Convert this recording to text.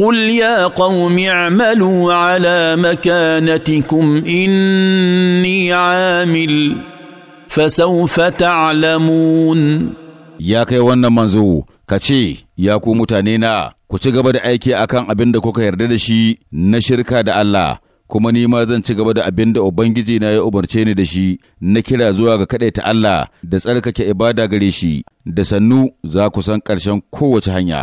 قل يا قوم اعملوا على مكانتكم اني عامل فسوف تعلمون ya kai wannan manzo ka ce ya ku mutane na ku ci gaba da aiki akan abin da kuka yarda da shi na shirka da Allah kuma ni ma zan ci gaba da abin da Ubangiji na ya umarce ni da shi na kira zuwa ga kaɗaita Allah da tsarkake ibada gare shi da sannu za ku san ƙarshen kowace hanya